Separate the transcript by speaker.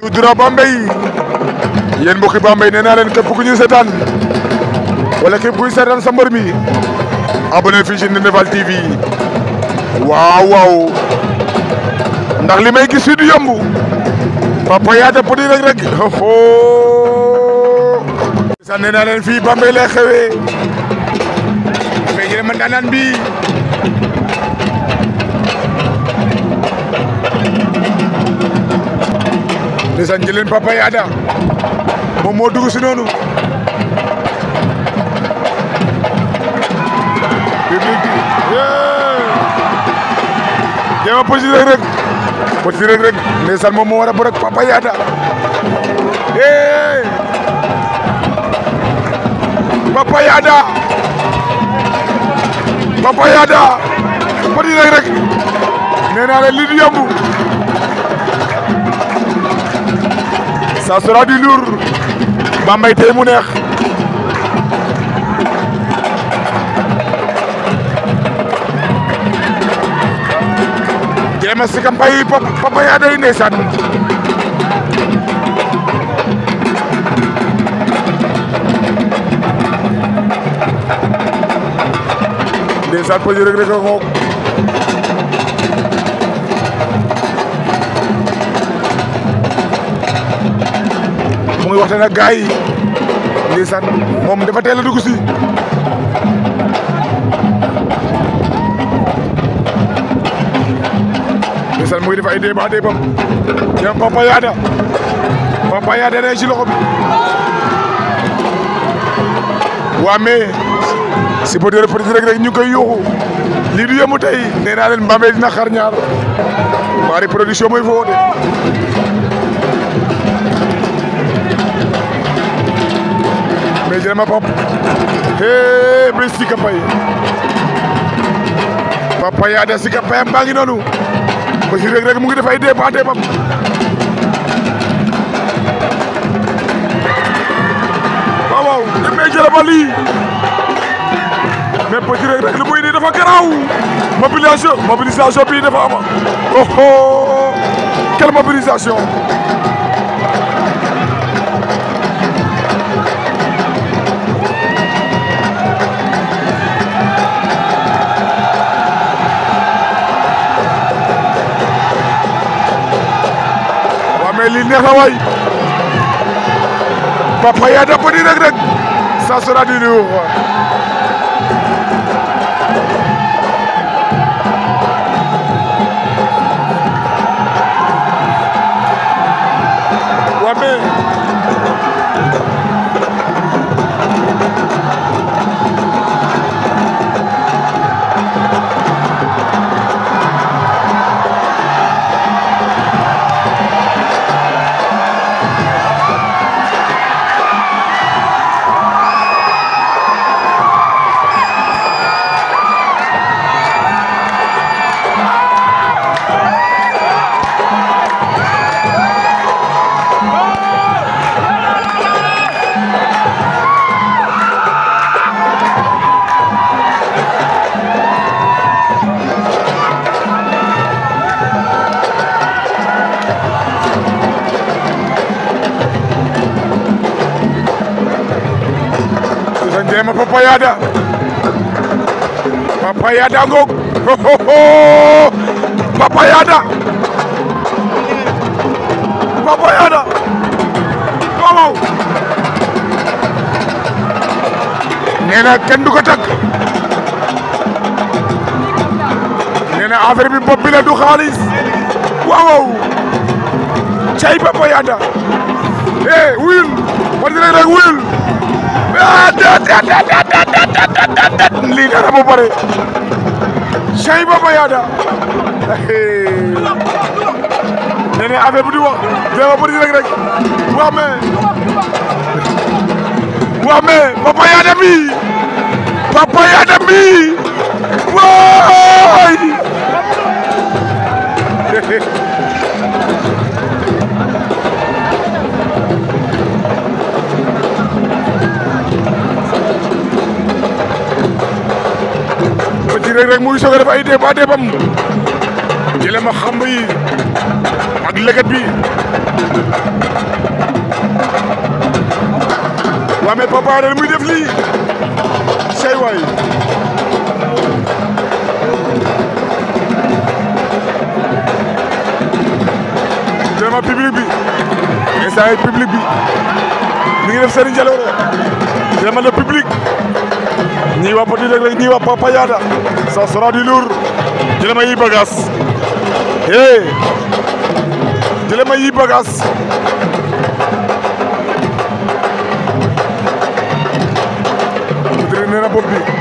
Speaker 1: Tuutura Bambey yéen mbokki Bambey nee naa leen képp ku ñuy seetaan wala képp kuy seetaan sa mbër mi abonné fii ci Ndindy Fall TV waaw waaw ndax li may gis fii du yomb Papa Yada Petit rek rek nee naa leen fii Bambey lay xewee mais man daanaan bi ndeysaan jëleen papa Yada moom moo dugg si noonu rek rek posi rek rek ndeysaan moom moo war a bëre papa Yada papa Yada rek rek nee naa la ça sera du lourd Bambey tey mu neex jéema si ka mbay papa yaa day ndeysaan ndeysaan pëj rek rek a rawatina nag gars moom dafa teel a dugg si lii san mu ngi def ay débat débam jëm Papa Yada ci loxo bi waa mais si bët ñu ngi yuuxu lii yemu tey nee naa leen Bambey dina xar ñaar Bari Production mooy foo de Jerema Pap hee Briss Sika Paye Pap Paye ada Sika Paye mbaa ngi noonu ba si mu ngi def ay dee ba dee Pap waaw waaw demee Jerema lii mais ba si Reug Reug li muy nii dafa garaaw mobilisation mobilisation bii dafa ama oh, oh. mais neex na waay Papa Yada Petit Reug Reug ça sera du lourd Jéema Papa Yada Papa Yada ngoog Papa Yada Papa Yada waaw nee na kenn du ko takk nee na affaire bi bopp bi xaalis waaw cay Papa Yada eh wuyul wala rek wuyul lii dara bu bare Cheikh Baba Yada nee na affaire bu di wax dama bëri rek rek waa mais waa mais Baba Yada bi muy soog a def ay déeb a déebam jële ma xamb yi ak bi waa mais Papa Ané muy def lii say waay vraiment public bi instant yi public bi mi def seen jaloore vraiment le public ñii waa Petit Reug Reug ñii waa Papa Yada ça sera du lourd jëlee ma yi nee na bopp